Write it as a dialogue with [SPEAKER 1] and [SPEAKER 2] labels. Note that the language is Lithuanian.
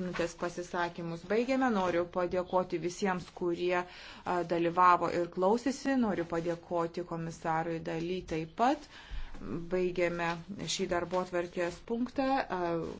[SPEAKER 1] minutės pasisakymus baigėme. Noriu padėkoti visiems, kurie dalyvavo ir klausėsi. Noriu padėkoti komisarui daly taip pat. Baigėme šį darbo tvarkės punktą.